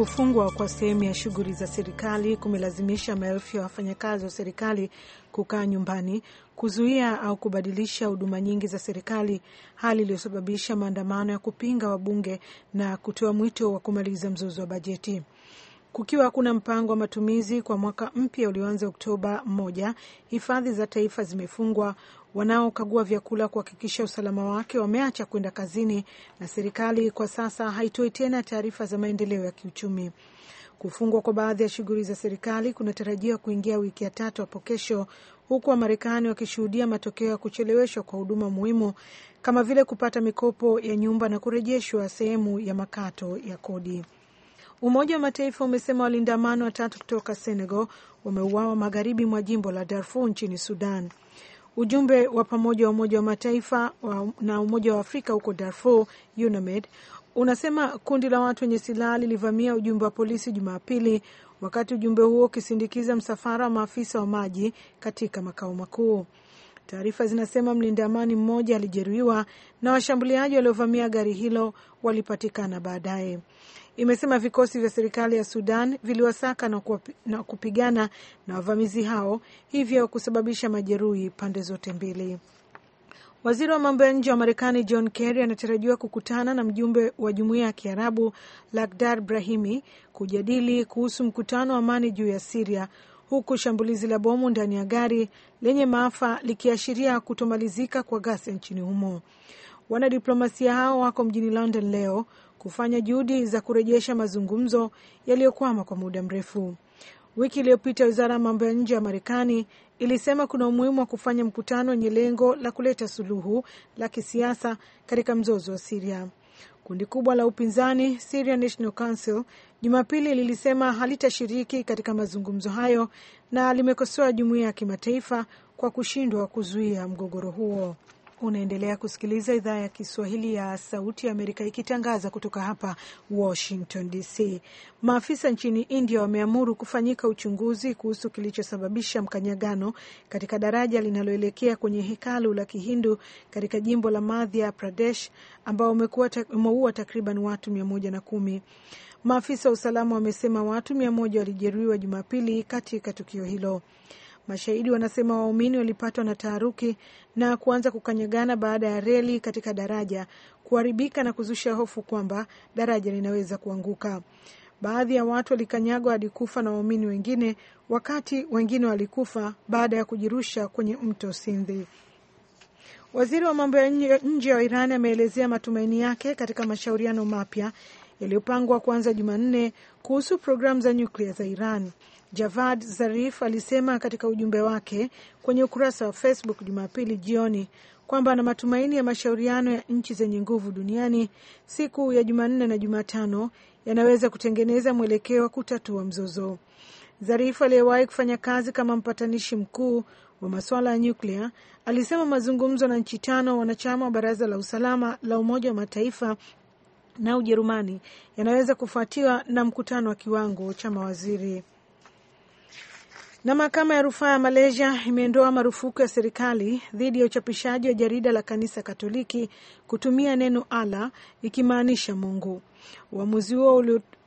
Kufungwa kwa sehemu ya shughuli za serikali kumelazimisha maelfu ya wafanyakazi wa serikali kukaa nyumbani, kuzuia au kubadilisha huduma nyingi za serikali, hali iliyosababisha maandamano ya kupinga wabunge na kutoa mwito wa kumaliza mzozo wa bajeti. Kukiwa hakuna mpango wa matumizi kwa mwaka mpya ulioanza Oktoba moja, hifadhi za taifa zimefungwa. Wanaokagua vyakula kuhakikisha usalama wake wameacha kwenda kazini, na serikali kwa sasa haitoi tena taarifa za maendeleo ya kiuchumi. Kufungwa kwa baadhi ya shughuli za serikali kunatarajiwa kuingia wiki ya tatu hapo kesho, huku Wamarekani wakishuhudia matokeo ya kucheleweshwa kwa huduma muhimu kama vile kupata mikopo ya nyumba na kurejeshwa sehemu ya makato ya kodi. Umoja wa Mataifa umesema walinda amani watatu kutoka Senegal wameuawa magharibi mwa jimbo la Darfur nchini Sudan. Ujumbe wa pamoja wa Umoja wa Mataifa na Umoja wa Afrika huko Darfur, UNAMED, unasema kundi la watu wenye silaha lilivamia ujumbe wa polisi Jumapili, wakati ujumbe huo ukisindikiza msafara wa maafisa wa maji katika makao makuu. Taarifa zinasema mlinda amani mmoja alijeruhiwa na washambuliaji waliovamia gari hilo walipatikana baadaye. Imesema vikosi vya serikali ya Sudan viliwasaka na, kuwapi, na kupigana na wavamizi hao, hivyo kusababisha majeruhi pande zote mbili. Waziri wa mambo ya nje wa Marekani John Kerry anatarajiwa kukutana na mjumbe wa jumuiya ya Kiarabu Lakhdar Brahimi kujadili kuhusu mkutano wa amani juu ya Siria huku shambulizi la bomu ndani ya gari lenye maafa likiashiria kutomalizika kwa ghasia nchini humo. Wanadiplomasia hao wako mjini London leo kufanya juhudi za kurejesha mazungumzo yaliyokwama kwa muda mrefu. Wiki iliyopita wizara ya mambo ya nje ya Marekani ilisema kuna umuhimu wa kufanya mkutano wenye lengo la kuleta suluhu la kisiasa katika mzozo wa Siria. Kundi kubwa la upinzani Syrian National Council Jumapili lilisema halitashiriki katika mazungumzo hayo na limekosoa jumuiya ya kimataifa kwa kushindwa kuzuia mgogoro huo. Unaendelea kusikiliza idhaa ya Kiswahili ya Sauti ya Amerika ikitangaza kutoka hapa Washington DC. Maafisa nchini India wameamuru kufanyika uchunguzi kuhusu kilichosababisha mkanyagano katika daraja linaloelekea kwenye hekalu la Kihindu katika jimbo la Madhya Pradesh ambao umeua takriban watu mia moja na kumi. Maafisa wa usalama wamesema watu mia moja walijeruhiwa Jumapili katika tukio hilo. Mashahidi wanasema waumini walipatwa na taharuki na kuanza kukanyagana baada ya reli katika daraja kuharibika na kuzusha hofu kwamba daraja linaweza kuanguka. Baadhi ya watu walikanyagwa hadi kufa na waumini wengine, wakati wengine walikufa baada ya kujirusha kwenye mto Sindhi. Waziri wa mambo ya nje wa Iran ameelezea matumaini yake katika mashauriano mapya yaliyopangwa kuanza Jumanne kuhusu programu za nyuklia za Iran. Javad Zarif alisema katika ujumbe wake kwenye ukurasa wa Facebook Jumapili jioni kwamba ana matumaini ya mashauriano ya nchi zenye nguvu duniani siku ya Jumanne na Jumatano yanaweza kutengeneza mwelekeo wa kutatua mzozo. Zarif aliyewahi kufanya kazi kama mpatanishi mkuu wa masuala ya nyuklia alisema mazungumzo na nchi tano wanachama wa baraza la usalama la Umoja wa Mataifa na Ujerumani yanaweza kufuatiwa na mkutano wa kiwango cha mawaziri. Na mahakama ya rufaa ya Malaysia imeondoa marufuku ya serikali dhidi ya uchapishaji wa jarida la kanisa Katoliki kutumia neno Allah ikimaanisha Mungu. Uamuzi huo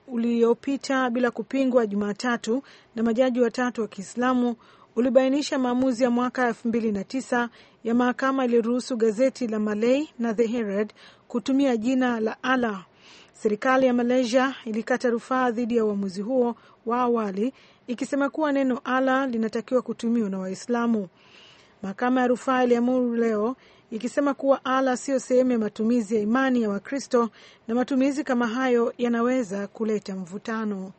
uliopita bila kupingwa Jumatatu na majaji watatu wa Kiislamu ulibainisha maamuzi ya mwaka elfu mbili na tisa ya mahakama iliruhusu gazeti la Malay na The Herald kutumia jina la Allah. Serikali ya Malaysia ilikata rufaa dhidi ya uamuzi huo wa awali ikisema kuwa neno Allah linatakiwa kutumiwa na Waislamu. Mahakama ya rufaa iliamuru leo ikisema kuwa Allah siyo sehemu ya matumizi ya imani ya Wakristo na matumizi kama hayo yanaweza kuleta mvutano.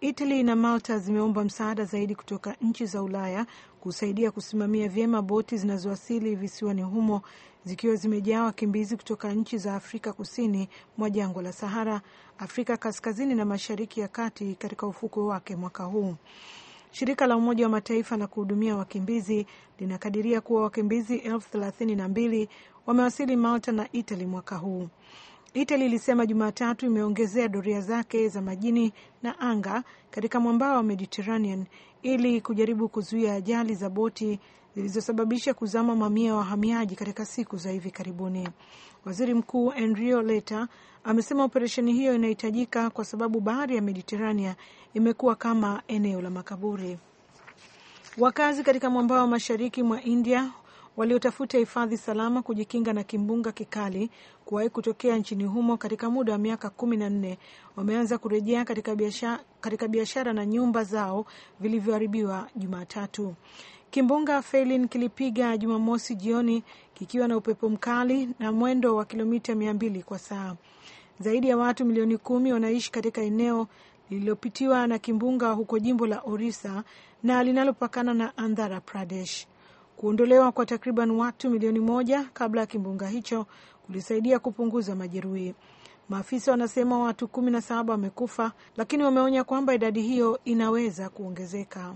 Italy na Malta zimeomba msaada zaidi kutoka nchi za Ulaya kusaidia kusimamia vyema boti zinazowasili visiwani humo zikiwa zimejaa wakimbizi kutoka nchi za Afrika kusini mwa jangwa la Sahara, Afrika kaskazini na mashariki ya kati katika ufukwe wake mwaka huu. Shirika la Umoja wa Mataifa la kuhudumia wakimbizi linakadiria kuwa wakimbizi elfu thelathini na mbili wamewasili Malta na Italy mwaka huu itali ilisema Jumatatu imeongezea doria zake za majini na anga katika mwambao wa Mediterranean ili kujaribu kuzuia ajali za boti zilizosababisha kuzama mamia ya wahamiaji katika siku za hivi karibuni. Waziri Mkuu Enrio Leta amesema operesheni hiyo inahitajika kwa sababu bahari ya Mediterania imekuwa kama eneo la makaburi. Wakazi katika mwambao wa mashariki mwa India waliotafuta hifadhi salama kujikinga na kimbunga kikali kuwahi kutokea nchini humo katika muda wa miaka kumi na nne wameanza kurejea katika biashara, katika biashara na nyumba zao vilivyoharibiwa Jumatatu. Kimbunga Felin kilipiga Jumamosi jioni kikiwa na upepo mkali na mwendo wa kilomita mia mbili kwa saa. Zaidi ya watu milioni kumi wanaishi katika eneo lililopitiwa na kimbunga huko jimbo la orisa na linalopakana na Andhra Pradesh. Kuondolewa kwa takriban watu milioni moja kabla ya kimbunga hicho kulisaidia kupunguza majeruhi. Maafisa wanasema watu kumi na saba wamekufa, lakini wameonya kwamba idadi hiyo inaweza kuongezeka.